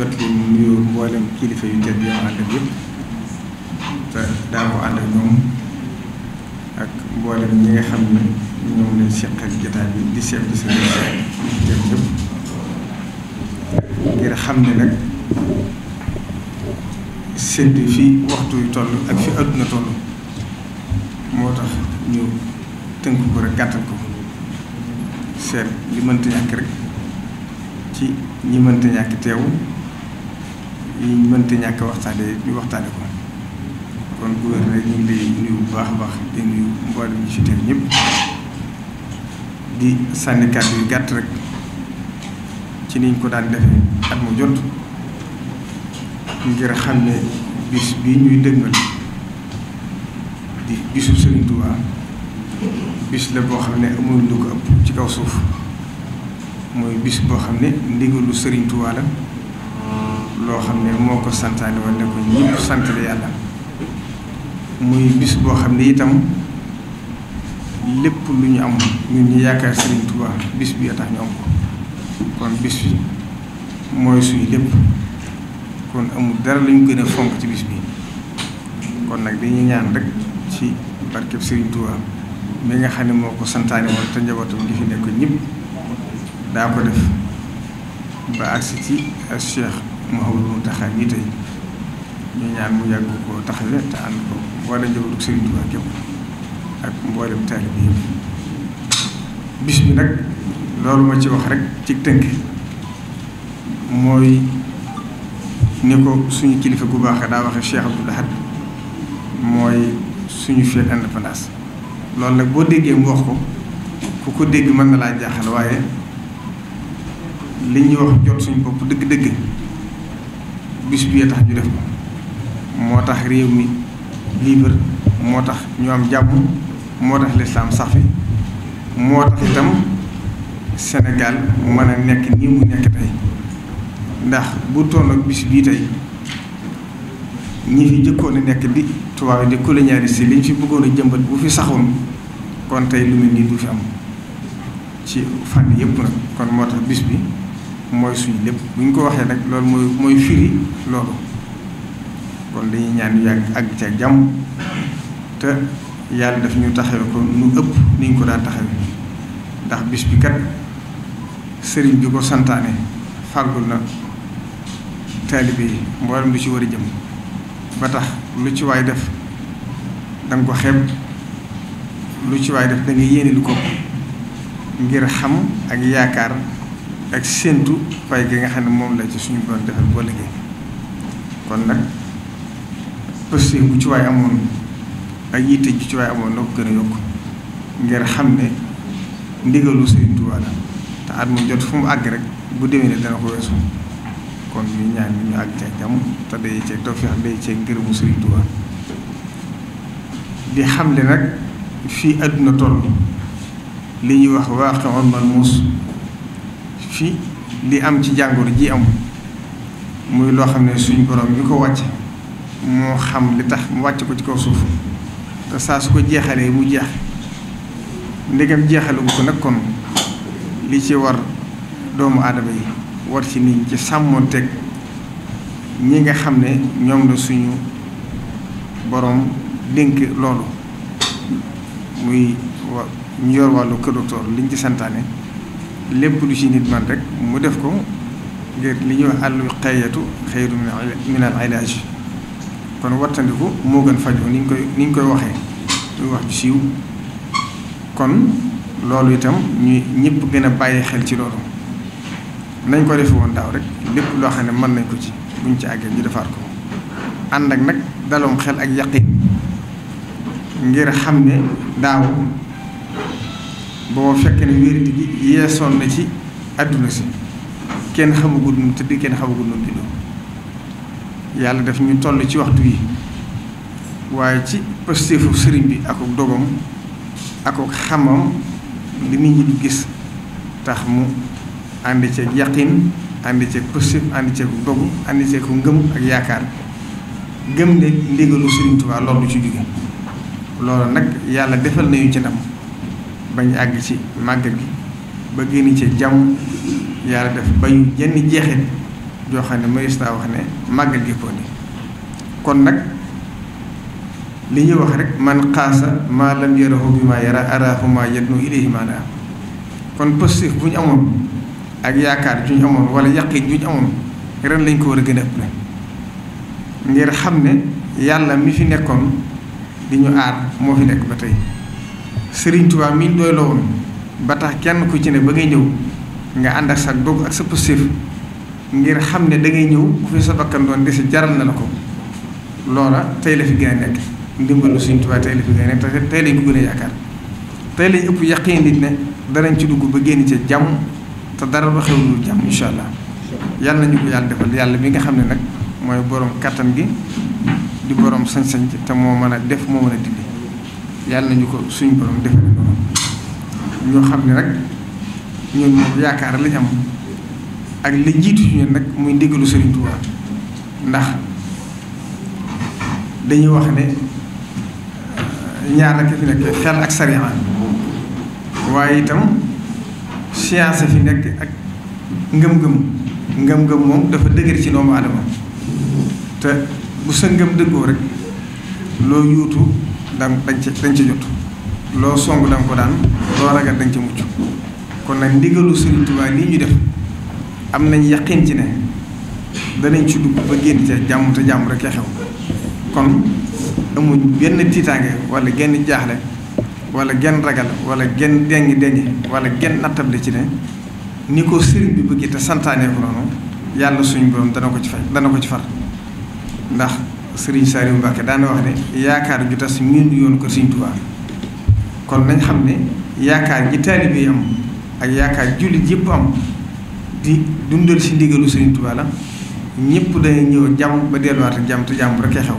jot kilifa yu tedd yi ñi nga xam ne ñoom lañ ngir xam ne nag seddi fi waxtu yu toll ak fi àdduna toll moo tax ñu tënk ko rek gàttal ko seet li ñàkk rek ci ñi mënta ñàkk teew li mënta ñàkk waxtaanee ñu waxtaane ko kon gouverneur ñu ngi lay bu baax a baax di nuyu mboolem ñi fi teew ñëpp di sànni kàddu yu gàtt rek ci niñ ko daan defee at mu jot ngir xam ne bis bi ñuy dëngal di bisub Serigne bis la boo xam ne amul lu ko ëpp ci kaw suuf mooy bis boo xam ne ndigalu lu Touba la. loo xam ne moo ko santaane woon ne ko ñëpp sant la yàlla muy bis boo xam ne itam lépp lu ñu am ñun ñu yaakaar Serigne Touba bis bi tax ñu am ko kon bis bi mooy suñu lépp kon amul dara lu ñu gën a fonk ci bis bi kon nag ñu ñaan rek ci barkeb Serigne Touba mi nga xam ne moo ko santaane woon te njabootam di fi nekk ñëpp daa ko def ba agsi ci Cheikh. Mouhamadou Mountakha ñi tey ñu ñaan mu yàgg ko taxawe te ànd ko mboole njabootu Serigne Touba képp ak mboolem taalib yi bis bi nag loolu ma ci wax rek ci tënk mooy ni ko suñu kilifa gu baax daa waxe Cheikh bu Ahad mooy suñu fête indépendance loolu nag boo déggee mu wax ko ku ko dégg mën na laa jaaxal waaye li ñuy wax jot suñu bopp dëgg-dëgg bis bi tax ñu def moo tax réew mi libre moo tax ñu am jàmm moo tax lislaam sax fi moo tax itam Sénégal mën a nekk nii mu nekk tey ndax bu toon ak bis bii tey ñi fi jëkkoon a nekk di tubaab di colonialiste liñ fi bëggoon a jëmbat bu fi saxoon kon tey lu mel nii du fi am ci fànn yëpp nag kon moo tax bis bi mooy suñ lépp bu ñu ko waxee nag loolu mooy mooy firi loolu kon dañuy ñaan yu yàgg ak ci jàmm te yàlla daf ñu taxawe ko nu ëpp ni ñu ko daan taxawe ndax bis bi kat sëriñ bi ko santaane fàggul na taalibe yi mboolem lu ci war a jëm ba tax lu ci waay def danga ko xeeb lu ci waay def da nga yéene lu ko ngir xam ak yaakaar ak séentu pay gi nga xam ne moom la ci suñu borom defal boo liggéey kon nag poste bu ci waay amoon ak yitte ju ci waay amoon na ko gën a yokk ngir xam ne ndigalu Sëriñ Tuubaa te at jot fu mu àgg rek bu déwénee dana ko weesu kon ñu ñaan ñu àgg ca jàmm te day ceeg tawfeex day ceeg ngërëmu Sëriñ Tuubaa di xam ne nag fii àdduna toll li ñuy wax waaqe'ul malmuus fi li am ci jàngoro ji am muy loo xam ne suñu borom bi ko wàcc moo xam li tax mu wàcc ko ci kaw suuf te saa su ko jeexalee mu jeex ndegam jeexalu ko nekkoon li ci war doomu aadama yi war ci nit ñi ci teg ñi nga xam ne ñoom la suñu boroom dénk loolu muy ñu yor wàllu kër doktoor liñ ci santaane lépp lu ci nit man rek mu def ko ngir li ñuy wax àllu xayyatu xayru min al ilaaj kon wattandiku moo gën fajoo ni ñu koy ni ñu koy waxee muy wax ju siiw kon loolu itam ñuy ñëpp gën a bàyyi xel ci loolu nañ ko defe woon daaw rek lépp loo xam ne mën nañ ko ci buñ ci àggee ñu defaat ko ànd ak nag daloom xel ak yaqin ngir xam ne daaw boo fekk ne wérdi gi yeesoon na ci àdduna si kenn xamagul nu tëdd kenn xamagul nu bindoo yàlla daf ñu toll ci waxtu yi waaye ci pastéefu sëriñ bi ak ak dogam ak ak xamam li nit ñi di gis tax mu ànd ceeg yaqin ànd ceeg pastéef ànd ceeg dogu ànd ceeg ngëm ak yaakaar gëm ne ndigalu sëriñ Tuubaa loolu ci jóge loolu nag yàlla defal nañu ci ndam bañ àgg ci màggal gi ba génn ci jàmm yàlla def bañ jenn jeexit joo xam ne magistrat wax ne màggal gi ko ni kon nag li ñuy wax rek man xaasa maa lam yarahu bi maa yara araahu maa yadnu kon positif bu ñu amoon ak yaakaar ju ñu amoon wala yàqit ju ñu amoon ren lañ ko war a gën a ëpp ngir xam ne yàlla mi fi nekkoon di ñu aar moo fi nekk ba tey Sëriñ Tuubaa mi doy la woon ba tax kenn ku ci ne ba ngay ñëw nga ànd ak sa dog ak sa positif ngir xam ne da ngay ñëw ku fi sa bakkan doon desi jaral na la ko loola tey la fi gën a nekk ndimbalu Sëriñ Tuubaa tey la fi gën a nekk tey lañ ko gën a yaakaar tey lañ ëpp yaqin nit ne danañ ci dugg ba génn ca jàmm te dara lu xew lu jàmm incha allah yàlla nañu ko yàlla defal yàlla mi nga xam ne nag mooy borom kàttan gi di borom sañ-sañ te moo mën a def moo mën a yàlla nañu ko suñ borom defal ñoo xam ne rek ñun yaakaar lañ am ak la jiitu ci nag muy ndigalu Serigne Touba ndax dañuy wax ne euh, ñaar rekk fi nekk xel ak sariya waaye itam science fi nekk ak ngëm-ngëm ngëm-ngëm moom dafa dëgër ci noomu aadama te bu sa ngëm dëggoo rek loo yuutu daan dañ ci dañ ci jot loo song danga ko daan loo ragal dañ ci mucc kon nag ndigalu Sëriñ Tuubaa lii ñu def am nañ yaqin ci ne danañ ci dugg ba génn ca jàmm te jàmm rek a xew kon amuñ benn tiitaange wala genn jaaxle wala genn ragal wala genn dengi dengi wala genn nattable ci ne ni ko sëriñ bi bëggee te santaanee ko noonu yàlla suñu borom dana ko ci fay dana ko ci far ndax Serigne Saliou Mbacké daana wax ne yaakaar ju tas miin yoonu ko Serigne Touba kon nañ xam ne yaakaar ji taalibe yi am ak yaakaar jullit yëpp am di dundal si ndigalu Serigne Touba la ñëpp day ñëw jàmm ba delluwaat ak jàmm te jàmm rek xew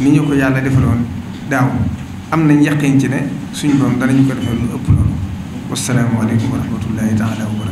ni ñu ko yàlla defaloon daaw am nañ yaqin ci ne suñu doom danañu ko defal lu ëpp loolu wassalaamu aleykum wa rahmatullahi